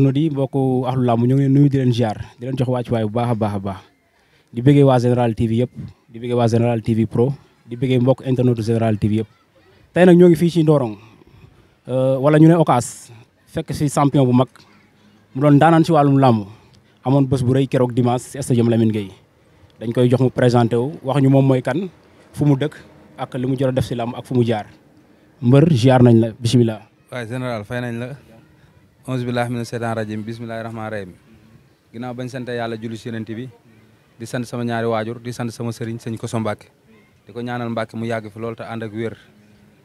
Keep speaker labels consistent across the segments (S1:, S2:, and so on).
S1: no di mbokku axlu làmb ñu ngi nuyu di leen ziar di leen jox wàcc waay bu baax a baax a baax di bëggee waa Général TV yëpp di bëggee waa Général TV Pro di bëggee mbokk internet Général TV yëpp tey nag ñoo ngi fii ci Ndorong euh, wala ñu ne Ocass fekk si champion bu mag mu doon daanaan si wàllum làmb amoon bés bu rëy keroog dimanche si stadium Lamine Gueye dañ koy jox mu présenté wu wax ñu moom mooy kan fu mu dëkk ak li mu jot a def si làmb ak fu mu jaar mbër ziar nañ la bisimilah. waaw général fay auzu billahi mina seytaan rajim bismillahi rahmaani rahim ginnaaw bañ sante yàlla julli si yonent bi di sant sama ñaari waajur di sant sama sëriñ sëñ Koso Mbàkke di ko ñaanal mbak mu yàgg fi loolu te ànd ak wér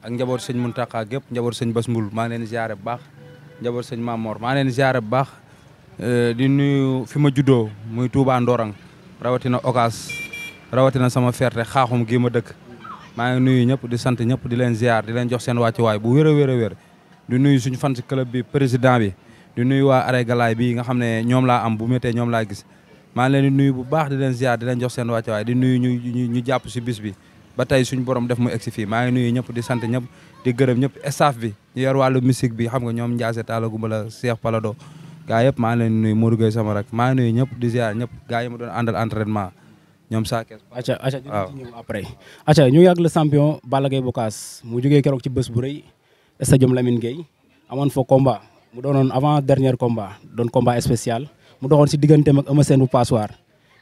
S1: ak njaboot sëñ Muntaxa gépp njaboot sëñ Bas Mbul maa ngi leen bu baax njaboot sëñ Mamor maa ngi leen bu baax eh, di nuyu fi ma juddoo muy Touba Ndorang rawatina Okas rawatina sama ferte xaaxum gii ma dëkk maa ngi nuyu ñëpp di sant ñëpp di leen ziar di leen jox seen wàccuwaay bu wér a wér a wér di nuyu suñu fan si club bi président bi di nuyu waa Arey Galaay bi nga xam ne ñoom laa am bu te ñoom laa gis maa ngi leen di nuyu bu baax di leen ziar di jox seen wàcce waaye di nuyu ñu ñu jàpp si bis bi ba tey suñu borom def mu egsi fii maa ngi nuyu ñëpp di sant ñëpp di gërëm ñëpp staff bi ñu yor wàllu musique bi xam nga ñoom Ndiassé Talla Gumbala Cheikh Palado gaa yëpp maa ngi leen di nuyu Modou Gueye sama rak maa ngi nuyu ñëpp di ziar ñëpp gaa yi ma doon àndal entraînement ñoom saa kees. acca acca dinañ ci ñëw après acca ñu yàgg le mu jógee keroog ci bés bu rëy stadium Lamine Gueye amoon fa combat mu doonoon avant dernier combat doon combat spécial mu doxoon si digganteem ak Eumeu Sène bu Passoir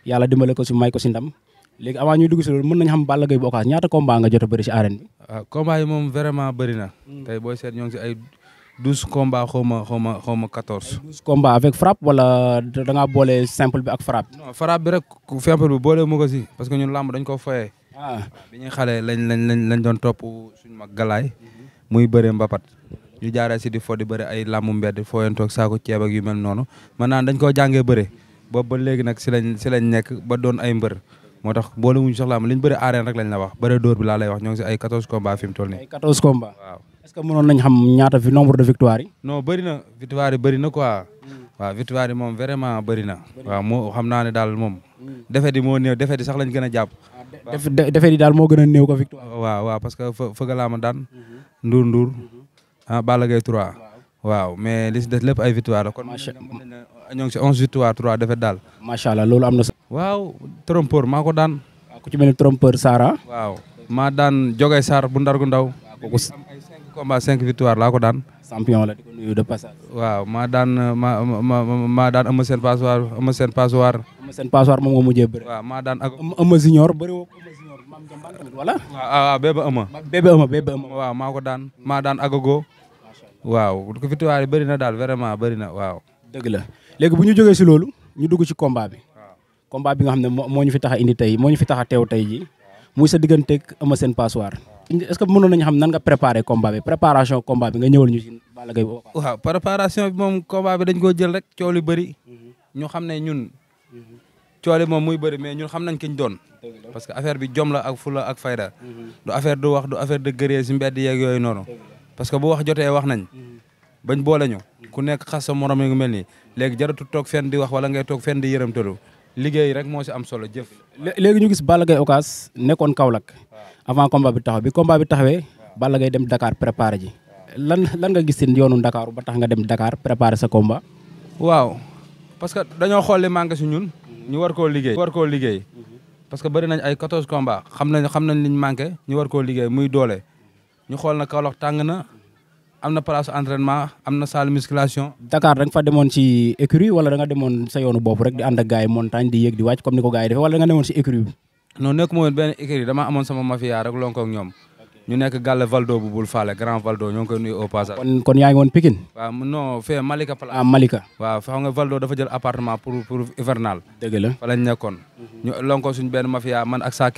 S1: yàlla dimbale ko si may ko si ndam léegi avant ñuy dugg si loolu mën nañu xam Balla Gaye bu Ocass ñaata combat nga jot si arène bi. waaw ah, moom vraiment bëri na. Hmm. tey booy ñoo ngi si ay douze combats xaw ma xaw ma xaw ma quatorze. douze combats avec frappe wala da ngaa boole simple bi ak frappe. non frappe bi rek simple bi boole mu ko si parce que ñun làmb dañ ko foyee. ah bi ñuy xale lañ lañ doon topp suñu mag galaay. Hmm. muy bëre mbapat ñu jaaree si di fo di bëri ay làmbu mbedd fooyantoog saako ceeb ak yu mel noonu man naan dañ koo jàngee bëre boobu ba léegi nag si lañ si lañ nekk ba doon ay mbër moo tax boole wuñu sax làmb li ñu bëri arène rek lañ la wax bëre dóor bi laa lay wax ñoo ngi si ay 14 combats fi mu toll nii. ay ñaata fi nombre de victoire yi. non bëri na victoire yi bëri na quoi. Hmm. waaw victoire moom vraiment bëri na. waaw moo xam naa ne daal moom. Hmm. defet yi moo néew defet yi sax lañ gën a jàpp defet yi daal moo gën a néew ko victoire waaw waaw parce que fëgg laa daan nduur nduur mhm. ah Balla Gaye 3 waaw mais li si lépp ay victoire la kon ñoo ngi si onze victoire trois defet daal macha allah loolu am na waaw tromport maa ko daan ku ci mel ni trompeur Sara waaw maa daan Jogay Sarr bu ndargu ndaw am ay cinq combats cinq victoire laa ko daan champion la di ko nuyu de passage. waaw maa daan ma ma maa daan am seen passoir am seen passoir. am seen passoir moom nga mujjee bëri. waaw maa daan ak am junior bëri woo am junior maam jambaan tamit wala. Ah, ah, waaw bébé ama. bébé ama waaw maa ko daan waaw ko victoire na daal vraiment bëri waaw. dëgg la léegi bu ñu jógee si loolu ñu dugg ci combat bi. waaw combat bi nga xam ne moo ñu indi tey moo ñu a teew tey jii. muy sa digganteeg Eumeu Sène Passoir est-ce que mënoon nañu xam nan nga préparé combat bi préparation combat bi nga ñëwal ñu si Balla Gaye waaw préparation bi moom combat bi dañ koo jël rek coow li bëri mm-hmm. ñu xam ne ñun mm-hmm. coole moom muy bëri mais ñun xam nañ ki doon parce que affaire bi jom la ak fula ak fayda mm-hmm. du affaire du wax du affaire de gëree si mbedd yeeg yooyu noonu parce que bu wax jotee wax nañ bañ boole ñu ku nekk xas sa morom ngi mel nii léegi jaratu toog fenn di wax wala ngay toog fenn di yërëmtalu liggéey rek moo si am solo jëf. léegi ñu gis Balla Gaye Ocass nekkoon Kaolack avant combat bi taxaw bi combat bi taxawee Balla Gaye dem dakaar préparer ji lan lan nga gis si yoonu ndakaaru ba tax nga dem dakaar préparé sa combat. waaw parce que dañoo xool li manqué si ñun. ñu war koo liggéey. war koo liggéey parce que bëri nañ ay 14 combats xam nañ xam nañ liñ manqué ñu war koo liggéey muy doole ñu xool na Kaolack tàng na. am na place entraînement am na salle musculation. Dakar da nga fa demoon ci écurie wala da nga demoon sa yoonu bopp rek di ànd ak montagne di yéeg di wàcc comme ni ko gars yi defee wala da nga demoon ci écurie bi. non nekk moo woon benn rek lonko ñoom. ñu nekk Gàlle Valdo bu bul faale grand Valdo ñoo ngi koy kon kon woon Pikine. fee Malika. ah Malika. waaw xam nga Valdo dafa jël appartement pour pour hivernal. la fa lañ nekkoon. ñu lonko suñ benn man ak saa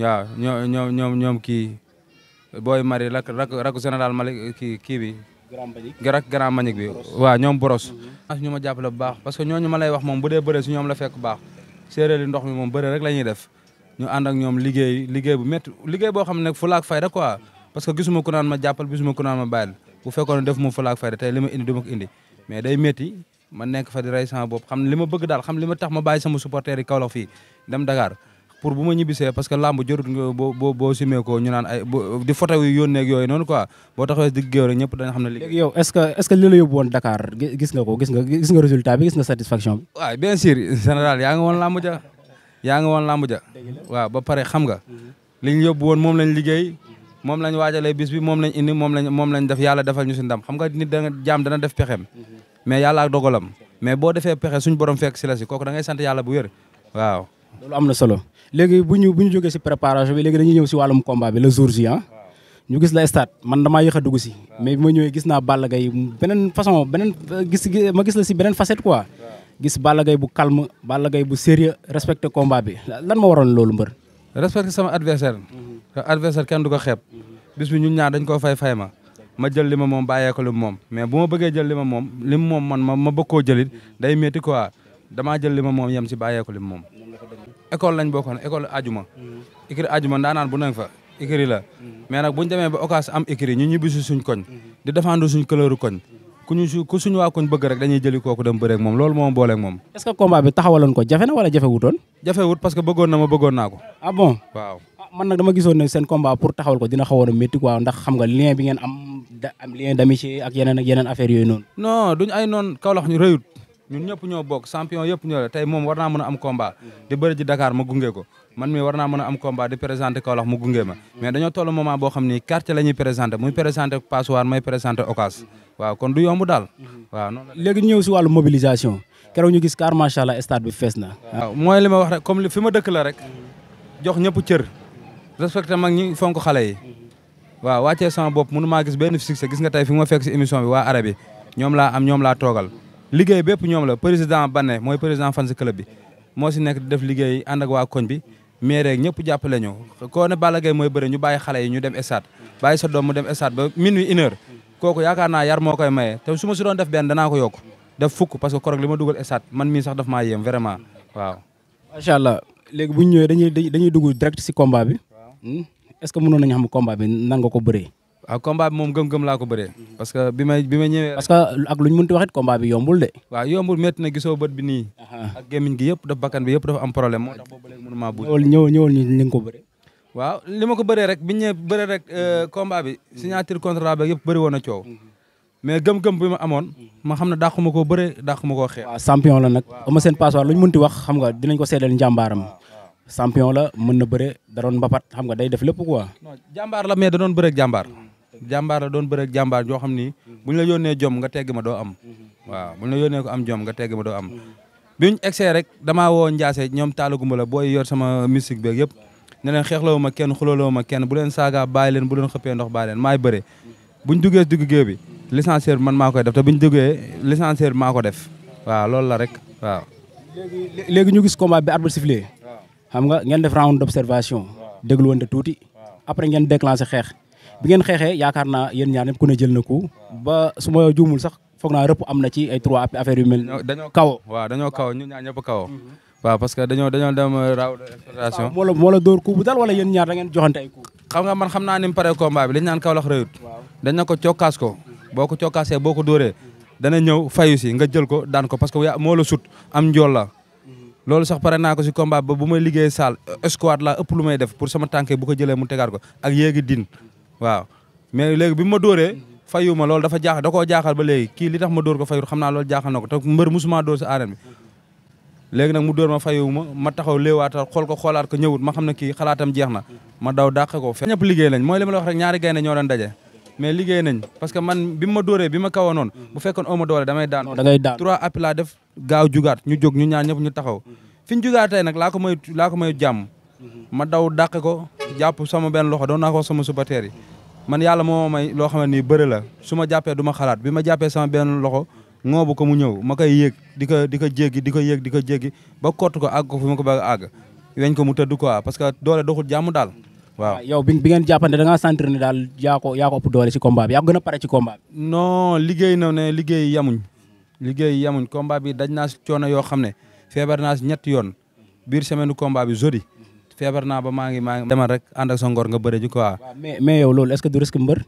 S1: waaw ñoo ñoom ñoom ñoom kii booy mari rak rak raku général Malick kii kii bi. grand manique rak grand bi waaw ñoom boros. Mhm. Ah, ñu ma jàppale bu baax parce que ñooñu ma lay wax moom bu dee bëre ñoom la fekk baax séeréer yi mi moom bëre rek lañuy def ñu ànd ak ñoom liggéey liggéey bu métti liggéey boo xam ne nag fulaak fayda quoi parce que gisuma ku naan ma jàppal gisuma ku naan ma bàyyil bu fekkoon ne def mu fulaak fayda tey li ma indi du ma ko indi mais day métti ma nekk fa di rey sama xam ne li ma bëgg daal xam li ma tax ma bàyyi sama supporter yi Kaolack fii dem Dakar pour bu ma ñibbisee parce que làmb jorut nga boo boo simee ko ñu naan ay di photo yu yónneeg yooyu noonu quoi boo taxawee di géew rek ñëpp dañu xam ne léegi que est-ce que li la yóbbu woon Dakar gis nga ko gis nga gis nga résultat yaa nga woon làmb ja waaw ba pare xam nga li ñu yóbbu woon moom lañ liggéey moom lañ waajalee bis bi moom lañ indi moom lañ moom lañ def yàlla defal ñu si ndam xam nga nit da nga jaam dana def pexem mais yàlla ak dogalam mais boo defee pexe suñ borom fekk si la si kooku da ngay sant yàlla bu wér waaw loolu am na solo léegi bu ñu bu ñu jógee si préparation bi léegi dañuy ñëw si wàllum combat bi le jour J ah. ñu gis la stade man damaa yéex a dugg si. mais bi ma ñëwee gis naa Balla Gaye beneen façon beneen gis ma gis la si beneen facette quoi. gis Balla Gaye bu kalm Balla gay bu sérieux respecté kombaa bi lan ma waroon loolu mbër. respecté sama adversaire. Mhm. adversaire kenn du ko xeeb. Mhm. bis bi ñun ñaar dañ koo fay fay ma. ma jël li ma moom bàyyee ko li moom mais bu ma bëggee jël li ma moom li moom man ma ma bëgg koo mhm. day métti quoi damaa jël li ma moom yem si bàyyee ko moom. école lañ bokkoon école ajuma mm. écrit ajuma ndaanaan bu nañ fa écrit la mm. mais nag buñ demee ba occasion am écrit ñu ñibbi suñ koñ mm-hmm. di défendre suñ couleur koñ mm-hmm. ku ñu su koñ bëgg rek dañuy jëli kooku dem bëreek moom loolu moom booleeg moom est-ce taxawaloon ko jafe na jafe wutoon jafe wut parce que bëggoon ma bëggoon naa ah bon ah, man nag dama gisoon seen combat pour taxawal ko dina xawoon a métti quoi xam nga lien bi ngeen am am lien ak yeneen ñun ñëpp ñoo bokk champion yëpp ñoo la tey moom war naa mën a am combat di bëri ji Dakar ma gunge ko man mii war naa mën a am combat di présenté Kaolack mu gunge ma mais dañoo toll moment boo xam ni quartier la ñuy présenté muy présenté Passoir may présenté Ocas waaw kon du yomb daal waaw léegi ñëw si wàllu mobilisation keroog ñu gis car macha allah stade bi fees na waaw mooy li ma wax rek comme li fi ma dëkk la rek jox ñëpp cër respecté mag ñi fonk xale yi waaw wàccee sama bopp mënu maa gis benn succès gis nga tey fi ma fekk émission bi waa arabi ñoom laa am ñoom laa liggéey bépp ñoom la président Bané mooy président fan si club bi moo si nekk def liggéey ànd ak waa koñ bi mais rek ñëpp jàppale ñu koo ne Balla Gaye mooy bëre ñu bàyyi xale yi ñu dem stade bàyyi sa doom mu dem stade ba minuit une heure kooku yaakaar naa yar moo koy maye te su ma si doon def benn danaa ko yokk def fukk parce que korog li ma dugal stade man mii sax daf maa yéem vraiment waaw. macha allah léegi bu ñu ñëwee dañuy dañuy dugg direct si combat bi hmm? est m que mënoon nañu xam combat bi nan ko bëree. waaw combat bi moom gëm-gëm laa ko bëree. parce que bi ma ñëwee. ak lu ñu wax it combat yombul de. waaw yombul métti na gisoo bët bi nii. ko bëree. ma ko bëree rek bi ñu ñëwee bëree rek euh, combat bi signature contrat bi yëpp bëri coow. Mhm. mais gëm-gëm bi ma amoon. Mhm. ma xam ne dàqu ma koo bëree dàqu ma koo xeex. waaw la nag. waaw ama seen passoire lu ñu wax xam nga dinañ ko seedal njàmbaaram champion la mën na bëre da doon mbapat xam nga day def lépp quoi. non la jàmbaar la doon bëre ak jàmbaar joo xam ni mhm. bu ñu la yónnee jom nga tegg ma doo am mhm. waaw bu ñu la yónnee ko am jom nga tegg ma doo am biñu egsee rek damaa woo Ndiassé ñoom taalagumba la booy yor sama musique beeg yëpp ne leen xeexlawu ma kenn xulaloo ma kenn bu leen saaga bàyyi leen bu leen xëppee ndox bàyyi leen maay bëre mhm. buñ duggee digg géew bi licencier bi man maa koy def te buñ duggee licencier bi maa ko def waaw loolu la rek waaw léegi ñu gis combat bi arbitre sifflé xam nga ngeen def round d'observation dégluwante tuuti après ngeen déclenché xeex bi ngeen xeexee yaakaar naa yéen ñaar ñëpp ku ne jël na ko ba su ma juumul sax foog naa rëpp am na ci ay trois affaire yu mel. dañoo kaw waaw dañoo kaw ñun ñaar kaw mhm. waaw que dañoo dañoo dem euh, raw moo la moo la dóor coup bu dal wala yéen ñaar da ngeen joxante ay coup. xam nga man xam naa ni mu paree combat bi li ñu naan kaw lax rëyut. dañ ko cokkaas ko boo ko cokkaasee boo ko dooree dana ñëw fay si nga jël ko daan ko parce que yaa moo la sut am njool la mhm. loolu sax pare naa ko si combat ba bu may liggéey saal euh, squat la ëpp lu may def pour sama bu ko jëlee mu tegaat ko ak waaw mais léegi bi ma dóoree fayu ma loolu dafa jaaxal da koo jaaxal ba léegi kii li tax ma door ko fayut xam naa loolu jaaxal na ko te mbër musuma dóor si arène bi léegi nag mu dóor ma fayu ma ma taxaw léewaatal xool ko xoolaat ko ñëwut ma xam ne kii xalaatam jeex na ma daw dàq ko fe ñëpp liggéey nañ mooy li ma la wax rek ñaari gaynde ñoo doon daje mais liggéey nañ parce que man bi ma dóoree bi ma kawa noonu bu fekkoon oma doole damay daan trois appels laa def gaaw jugaat ñu jóg ñu ñaar ñëpp ñu taxaw fi ñu jugaatee nag laa ko may laa ko may jàmm ma daw dàq ko jàpp sama benn loxo doon naa ko sama supporter yi man yàlla moo may loo xam ne ni bëri la su ma jàppee du ma xalaat bi ma jàppee sama benn loxo ŋoobu ko mu ñëw ma koy yéeg di ko di ko jéggi di ko yéeg di ko jéggi ba kott ko àgg ko fu ma ko ba a àgg weñ ko mu tëdd quoi parce que doole doxul jàmm daal waaw yow bi bi ngeen jàppante da ngaa sentir ne daal yaa ko yaa ko ëpp doole ci combat bi yaa na gën a pare ci combat bi liggéey na ne liggéey yamuñ liggéey yamuñ combat bi daj naa si coono yoo xam ne feebar ñetti yoon biir semaine combat bi jeudi feebar naa ba maa ngi maa ngi demal rek ànd ak sa ngor nga bëre ji quoi. mais mais yow loolu est-ce que du risque mbër.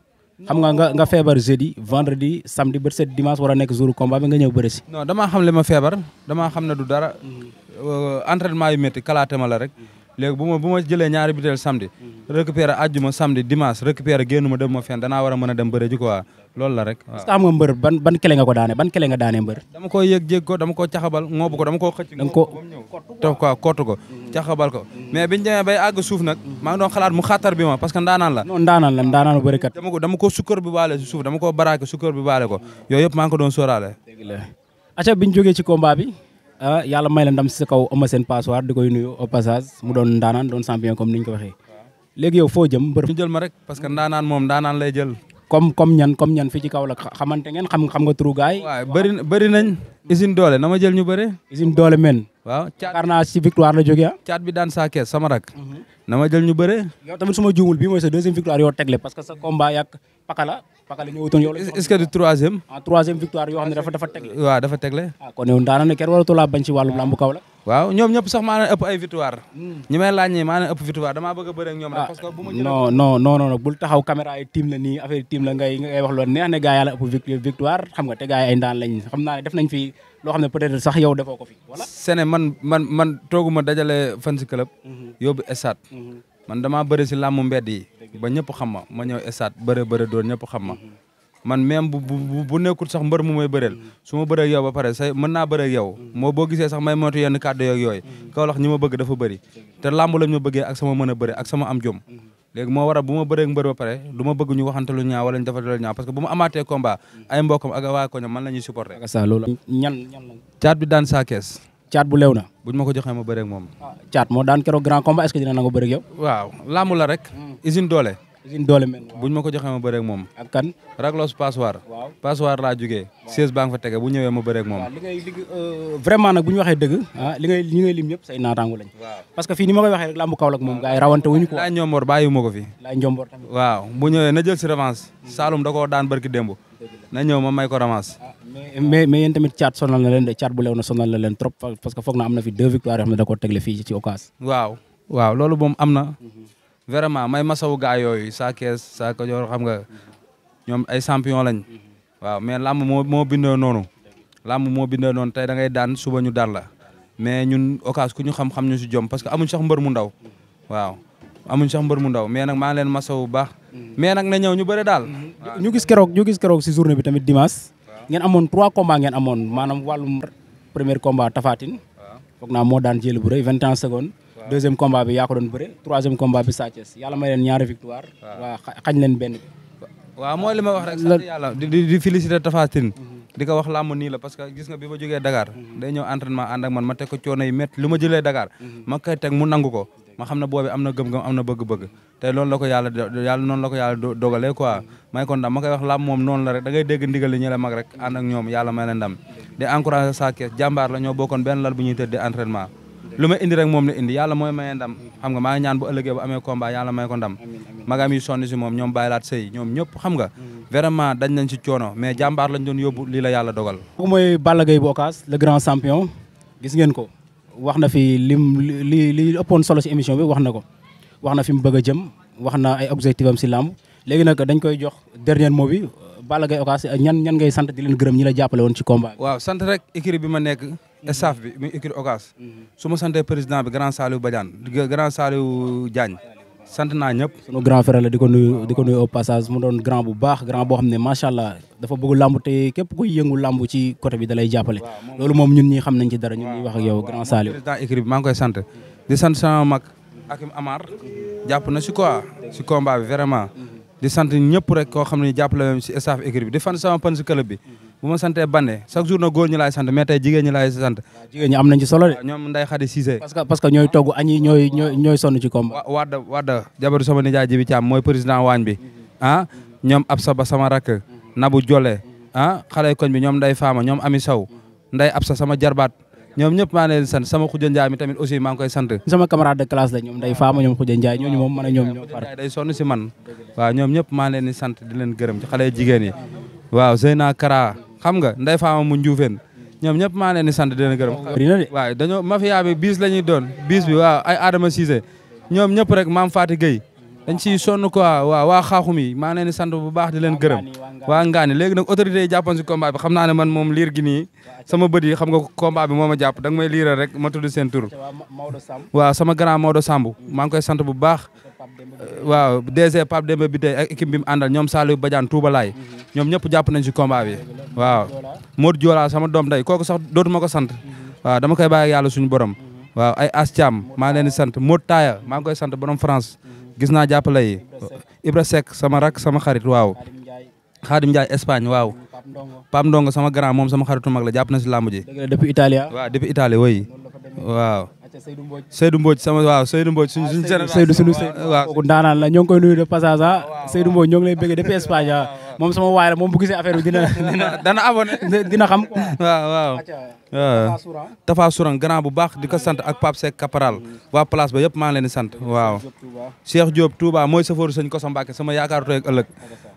S1: xam nga nga nga feebar jeudi vendredi samedi ba set dimanche war a nekk jour combat bi nga ñëw bëre si. non damaa xam li ma feebar damaa xam ne du dara mm. euh, entraînement yu métti kalaate ma la rek. Mm. léegi bu ma bu ma jëlee ñaari butéel samedi mhm. récupéré ajjuma samedi dimanche récupéré génnu ma dem ma fenn danaa war a mën a dem bëre ji quoi loolu la rek est-ce que am nga mbër ban ban kele nga ko daane ban kele nga daane mbër dama ko yëg jég ko dama ko caxabal ŋoobu ko dama ko xëcc danga ko toog quoi ko mhm. caxabal ko mhm. mais biñu demee bay àgg suuf nag maa ngi doon xalaat mu xattar bi ma parce que ndaanaan la non ndaanaan la ndaanaan bu bërikat dama ko dama ko sukkër bi baale si suuf dama ko baraake sukkër bi Ah, yàlla may la ndam si sa passoir di nuyu au passage mu doon ndaanaan doon champion comme ni ñu ko waxee jëm mbër jël ma rek parce que ndaanaan moom ndaanaan lay jël comme ñan comme ñan fii ci Kaolack xam nga turu gaay waaw doole na jël ñu bëre usine doole men waaw yaakaar naa si victoire la jógee ah. caat bi daan saa kees sama mhm. na ma jël ñu bëre. yow tamit su ma bii mooy sa deuxième victoire yoo tegle parce que sa combat yàq pakala pakala ñëwutoon yow la. est du troisième. ah victoire yoo xam ah, dafa dafa tegle. Ah, kon yow daanaka kenn waratoo laa bañ ci wàllu ah. lamb kaw la. waaw ñoom ñëpp sax maa leen ëpp ay victoire hmm. ñi may laaj maa leen ëpp victoire damaa bëgg a bëre ñoom rek ah, parce que bu ma non non non non bul taxaw caméra yi tiim la nii affaire tiim la ngay ngay wax loolu neex ne gaa yàlla ëpp victoire xam nga te gaa yi ay ndaan lañ xam naa def nañ fi loo xam ne peut-être sax yow defoo ko fi voilà sene man man man tooguma dajale fan si club mhm. yóbbu estade mhm. man damaa bëri si làmmu mbedd yi ba ñëpp xam ma ma ñëw estade bëre bëre door ñëpp xam ma mhm. man même bu bu nekkul sax mbër mu mooy bëreel su ma bëree yow ba pare say mën naa bëree yow moo boo gisee sax may moytu yenn kàddu yeeg yooyu Kaolack ñi ma bëgg dafa bëri te làmb lañ ma bëggee ak sama mën a bëri ak sama am jom léegi moo waral bu ma bëree mbër ba pare du ma bëgg ñu waxante lu ñaaw wala ñu defante lu ñaaw parce que bu ma amaatee combat ay mbokkam ak waa koñam man la ñuy supporter caat bi daan saa kees caat bu lew na buñ ma ko joxee ma bëree moom ah, caat moo daan keroog grand combat est-ce que dina nangu bëri yow waaw làmb hmm. doole usine doole ma ko joxee ma bëreeg moom ak raglos passoir waaw laa jugee siège baa nga fa bu ñëwee ma bëreeg moom li ngay euh, bu ñu waxee dëgg ah li ngay ñi ngay lim yëpp say naataango lañ parce que fii ni ma koy waxee rek làmb Kaolack moom gars yi rawante wuñu laa njomboor bàyyi tamit waaw bu ñëwee daan barki na ñëw ma may ko revanche ah, mais tamit caat sonal na leen de caat bu na sonal na leen trop parce que foog na am fi deux victoires vraiment may masawu gaa yooyu saa kees saa kajoor xam nga ñoom ay champion lañ waaw mais làmb moo moo bindoo noonu làmb moo bindoo noonu tey da ngay daan suba ñu daan la mais ñun occasion ku ñu xam-xam ñu si jom parce que amuñ sax mbër mu ndaw waaw amuñ sax mbër mu ndaw mais nag maa ngi leen masawu bu baax mais nag na ñëw ñu bëri daal ñu gis keroog ñu gis keroog si journée bi tamit dimanche ngeen amoon trois combats ngeen amoon maanaam wàllum premier combat Tapha Tine foog naa moo daan jël bu rëy vingt et un secondes deuxième combat bi yaa ko doon bëre troisième combat bi Sa Thiès yàlla may leen ñaari victoire. waaw xañ leen benn bi. waaw mooy li ma wax rek di féliciter Tapha Tine mhm. di ko wax làmb nii la parce que gis nga bi ma jógee Dakar. Mhm. day ñëw entraînement ànd man ma teg ko coono yi métti li ma jëlee Dakar. Mhm. ma koy teg mu nangu ko. ma xam ne boobi am na gëm-gëm am na bëgg-bëgg te loolu la ko yàlla yàlla noonu la ko yàlla dogalee quoi may ko ndam ma koy wax làmb moom noonu la da ngay dégg ndigal li ñu la mag rek ànd ak ñoom yàlla may la ndam di bu ñuy tëdd di lu ma indi rek moom la indi yàlla mooy maye ndam xam nga maa ngi ñaan bu ëllëgee bu amee combat yàlla may ko ndam magam yi sonn si moom ñoom laat sëy ñoom ñëpp xam nga mm. vraiment dañ nañ si coono mais jàmbaar lañ doon yóbbu lii la yàlla dogal kooku mooy Balla Gaye bu Ocass le grand champion gis ngeen ko wax na fi lim li li ëppoon solo si émission bi wax na ko wax na fi mu bëgg a jëm wax na ay objectif am si làmb léegi nag dañ koy jox dernier mot bi Balla Gaye Ocass ñan ñan ngay sant di leen gërëm ñi la jàppale woon ci combat waaw sant rek écurie bi ma nekk. staff bi muy écurie Ocass. Mhm. su ma santee président bi grand Saliou Badiane grand Saliou Diagne. sant naa ñëpp. sunu grand frère la di ko nuyu di ko mu doon grand bu baax grand boo xam ne macha allah dafa bëgg làmb te képp kuy yëngu làmb ci côté bi da lay jàppale. loolu moom ñun ñi xam nañ ci dara ñun ñuy wax ak yow koy sant di sant sama mag Akim Amar na si quoi si combat di sant ñëpp rek koo xam ne jàppale si staff équipe bi di fan sama fan si club bi bu ma santee Bandé chaque jour na góor ñi laay sant mais tey jigéen ñi sant am nañ ci solo de ñoom Ndeye Khady Cissé parce que parce que ñooy togg añi ñooy ñooy ci combat wadda wadda sama nijaay Jibi Thiam mooy président waañ bi ah ñoom Absa Ba sama rakk Nabou Jole ah xale koñ bi ñoom Ndeye Fama ñoom Ami Sow Ndeye Absa sama jarbaat ñoom ñëpp maa ne leen sant sama Khoudia Ndiaye mi tamit aussi maa ngi koy sant sama camarade de classe la ñoom day faama ñoom Khoudia Ndiaye a ñoom ñëpp maa leen ni sant di leen gërëm ci xale jigéen yi waaw Zeyna Kara xam nga nday faama mu njuufeen ñoom ñëpp maa leen di sant di leen gërëm ma oh, dañoo mafia bi biis doon biis bi waaw ay Adama Cissé ñoom ñëpp rek maam Fatou Gueye dañ ciy sonn quoi waaw waa xaaxum yi maa na leen sant bu baax di leen gërëm waa Ngani léegi nag autorité yi jàppoon si combat bi xam naa ne man moom liir gi nii sama bët yi xam nga combat bi moo ma jàpp da nga may liiral rek ma tudd seen waa waaw sama grand Maodo Samb mm. maa ngi koy sant bu baax waa DG Pape Demba bi tey ak équipe bi mu àndal ñoom Saliou Badiane Touba Laye mm-hmm. ñoom ñëpp jàpp nañ si combat bi waaw Modou Diola sama doom day kooku sax dootuma ko sant mm-hmm. waaw dama koy baa yàlla suñu borom mm-hmm. waa ay As maa ngi leen sant Modou Taya maa ngi koy sant borom France gis naa jàppale yi Ibra Seck sama rak sama xarit waaw Xaadim Ndiaye Espagne waaw Pam Ndongo sama grand moom sama xaritu mag la jàpp na si làmb ji depuis Italie waaw depuis Italie woy waaw Seydou Mbodj sama waaw Seydou Mbodj suñu ah, suñu Seydou suñu Seydou waaw la ñoo nuyu de passage ah Seydou Mbodj lay bëgg depuis Espagne ah. waaw moom sama waay la moom bu gisee affaire bi dina dana abonné dina xam waaw waaw waaw Tafa Souran bu baax di ko sant ak Pape Seck Caparal mm. waa place ba yëpp maa ngi leen sant waaw Cheikh Diop Touba mooy safooru sëñ Kosa Mbacke sama yaakaaru tey ak ëllëg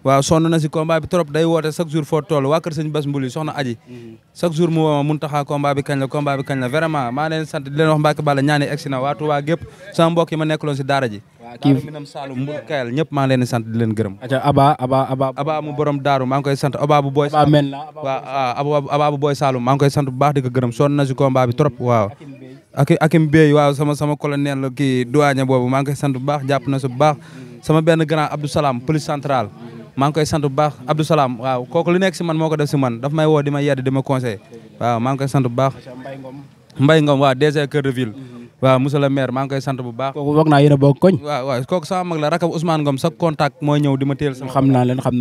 S1: waaw sonn na si combat bi trop day woote chaque jour foo tool waa kër sëñ Bas Mbuli soxna aji mm-hmm. chaque jour mu woo mun taxaa combat bi kañ la combat vraiment maa ngi sant di leen wax Mbacke Balla ñaani egsi na waa Touba gépp sama mbokk si daara ji kii minam Saloum Mbour Kayal ñëpp maa ngi leen di sant di leen gërëm aca aba aba aba aba mu borom daaru maa ngi koy sant aba bu booy men la waaw aba bu booy Saloum maa ngi koy sant bu baax di ko gërëm sonn na si combat bi trop waaw ak akim béy waaw sama sama colonel la kii douane boobu maa ngi koy sant bu baax jàpp na si bu baax sama benn grand Abdou Salam police centrale maa ngi koy sant bu baax Abdou Salam waaw kooku li nekk si man moo ko def si man daf may woo di ma yedd di ma conseil waaw maa ngi koy sant bu baax Mbaye Ngom waaw DG Kër de Ville mhm. waaw monsieur le maire maa ngi koy sant bu baax kooku foog naa yéen a bokk koñ waaw waaw kooku sama mag la rakab Ousmane Ngom sa contact mooy ñëw di ma téel sama xam naa leen xam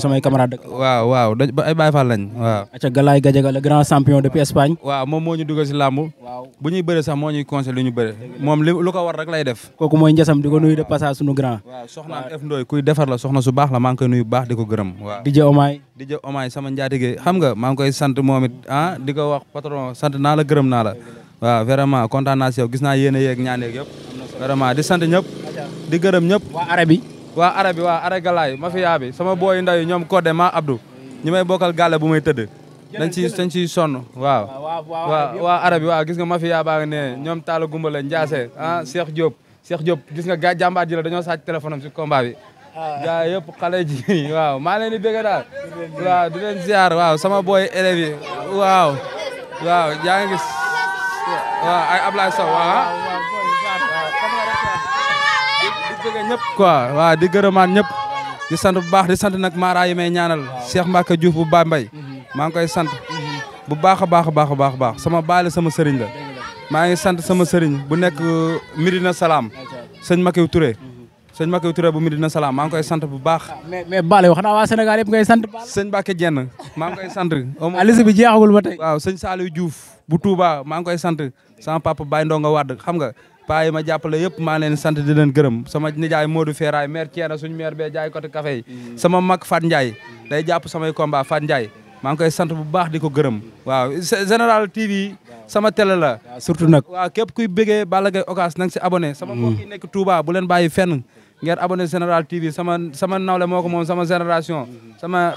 S1: samay camarade dëkk waaw waaw ay Baye Fall lañ waaw aca Galaye Gadiaga le champion depuis Espagne moom moo ñu dugal si làmb bu ñuy bëre sax moo ñuy conseil lu ñu bëre moom li lu ko war rek lay def kooku mooy njasam di ko nuyu de passage suñu grand waaw soxna F Ndoy kuy defar la soxna su baax la maa ngi koy nuyu baax di ko gërëm waaw DJ Omay sama njaatige xam nga maa ngi koy sant moom ah, di ko wax sant naa la gërëm naa la waaw vraiment kontaan naa si yow gis naa yéen a yeeg ñaan di sant ñëpp di gërëm ñëpp waa arabi waa arabi waa aragalaay mafia bi sama booy ndaw yi ñoom Codé ma Abdou ñi may bokkal gàlle bu may tëdd ci dañ ciy sonn waaw waa waa arabi waaw gis nga mafia nga ne ñoom Talla Gumbale Ndiasse ah Cheikh gis nga gaa jàmbaar ji la dañoo sàcc téléphone am si combat bi ah. gaa yëpp xale ji waaw maa leen daal waaw di leen ziar waaw sama booy élèves yi gis waaw ay Ablaye Sow waaw. di bëgg ñëpp di gërëmaan ñëpp. di sant bu baax di sant nag maara yi may ñaanal. Cheikh Mbacke Diouf bu Bambey. Mhm. maa ngi koy sant. Mhm. bu baax a baax a baax a baax baax sama baale sama sëriñ la. maa ngi sant sama sëriñ bu nekk Medina Salaam. sëñ Makiw Touré. Mhm. sëñ Makiw Touré bu Medina Salaam maa ngi koy sant bu baax. Ah, mais mais Baale wax naa waa Sénégal yëpp ngay sant. sëñ Mbacke Dieng maa koy sant. alisa bi jeexagul tey. waaw sëñ Saliou Diouf. bu Touba maa ngi koy sant sama papa Baye Ndonga Wade xam nga paa yi ma jàppale yëpp maa leen sant di leen gërëm sama nijaay Modou Feeraay maire Thièna suñu maire bee jaay côté café mm. sama mag Fat Ndiaye day jàpp samay combat Fat Ndiaye maa ngi koy sant bu baax di ko gërëm waaw Général TV sama télé la surtout nag waaw képp kuy bëggee baa Gaye Ocass nanga si abonné mm. sama mbokk yi nekk Touba bu leen bàyyi fenn ngeen abonné Général TV sama sama nawle moo ko moom sama génération mm.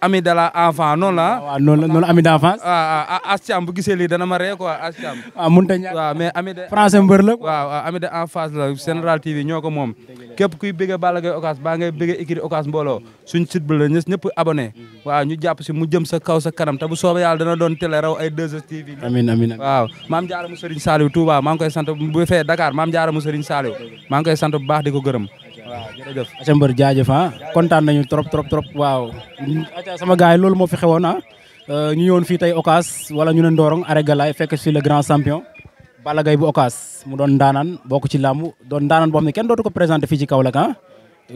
S1: ami de la enfant noonu la. Ah, waaw noonu la noonu ami d'enfance. waaw ah, ah, as bu gisee lii dana ma ree quoi as a ñàkk de. français mbër la. waaw ami de enfance la Général TV ñoo ko moom. képp kuy bëggee Balla Gaye Ocass baa ngay bëggee écurie Ocass mbooloo suñ site bi la ñëpp abonné. waaw ñu jàpp si mu jëm sa kaw sa kanam bu soobee yàlla dana doon télé raw ay 2STV. amiin amiin waaw maam Diarra mu Serigne Saliou Touba maa koy sant bu fee Dakar maam Diarra mu Serigne Saliou maa ngi koy sant bu baax di ko gërëm waaw jërëjëf aca mbër jaajëf ah kontaan nañu trop trop trop waaw aca sama gars yi loolu moo fi xewoon ah euh, ñu ñëwoon fii tey Ocass wala ñu ne Ndorong arrêt galaay fekk si le grand champion Balla Gaye bu Ocass mu doon ndaanaan bokk ci làmb doon ndaanaan boo xam ne kenn dootu ko présenté fii ci Kaolack ah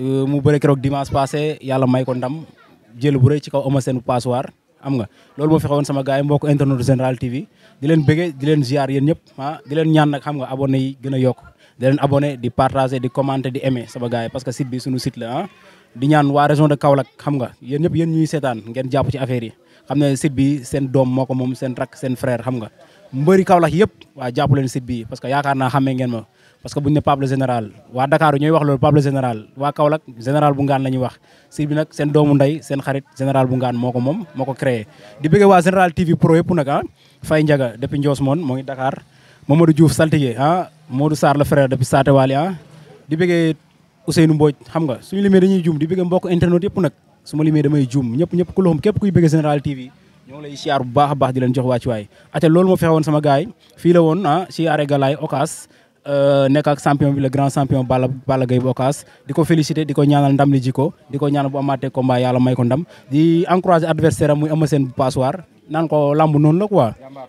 S1: euh, mu bëre keroog dimanche passé yàlla may ko ndam jël bu rëy ci kaw ama seen passoir am nga loolu moo fi xewoon sama gars yi mbokk internet Général TV di leen bëggee di leen ziar yéen ñëpp ah leen ñaan nag xam nga abonné yi a yokk di leen abonné di partager di commenter di aimer sama parce que site bi suñu site la ah di ñaan waa région de Kaolack xam nga yéen ñëpp yéen ñuy seetaan ngeen jàpp ci affaire yi xam ne site bi seen doom moo moom seen rak seen frère xam nga mbëri Kaolack yëpp waa jàpp leen site bi parce que yaakaar naa xammee ngeen ma parce que buñu ne Pape le général waa Dakar ñooy wax loolu Pape général waa Kaolack général bu ngaan la wax site bi nag seen doomu ndey seen xarit général bu ngaan moo ko moom moo ko créé di bëggee ah. moo ngi Dakar Mamadou ah. Modou Sarr la frère depuis Saate Waly ah di bëggee Ousseynou Mbodj xam nga suñu limee dañuy juum di bëggee mbokk internet yëpp nag su ma limee damay juum ñëpp ñëpp ku loxum képp kuy bëggee Général TV ñoo lay siyaar bu baax a baax di leen jox wàccuwaay ate loolu moo fexe woon sama gars yi fii la woon ah si are galaay Ocas euh, champion bi le grand champion bala Balla Gaye bu Ocas di ko féliciter di ko ñaanal ndam li jiko di ko ñaanal bu amaatee combat yàlla may ko ndam di encourager adversaire am muy Eumeu Sène la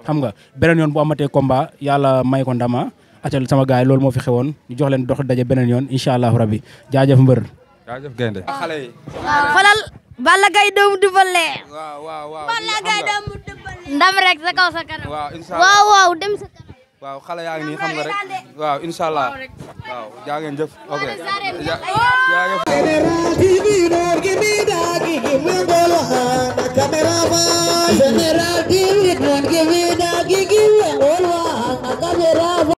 S1: xam nga beneen yoon bu amatee combat yàlla may ko ndama ah. aca sama moo fi xewoon ñu jox leen dox daje beneen yoon incha xale yi falal Balla Gaye waaw waaw waaw Balla Gaye doomu waaw waaw dem jëf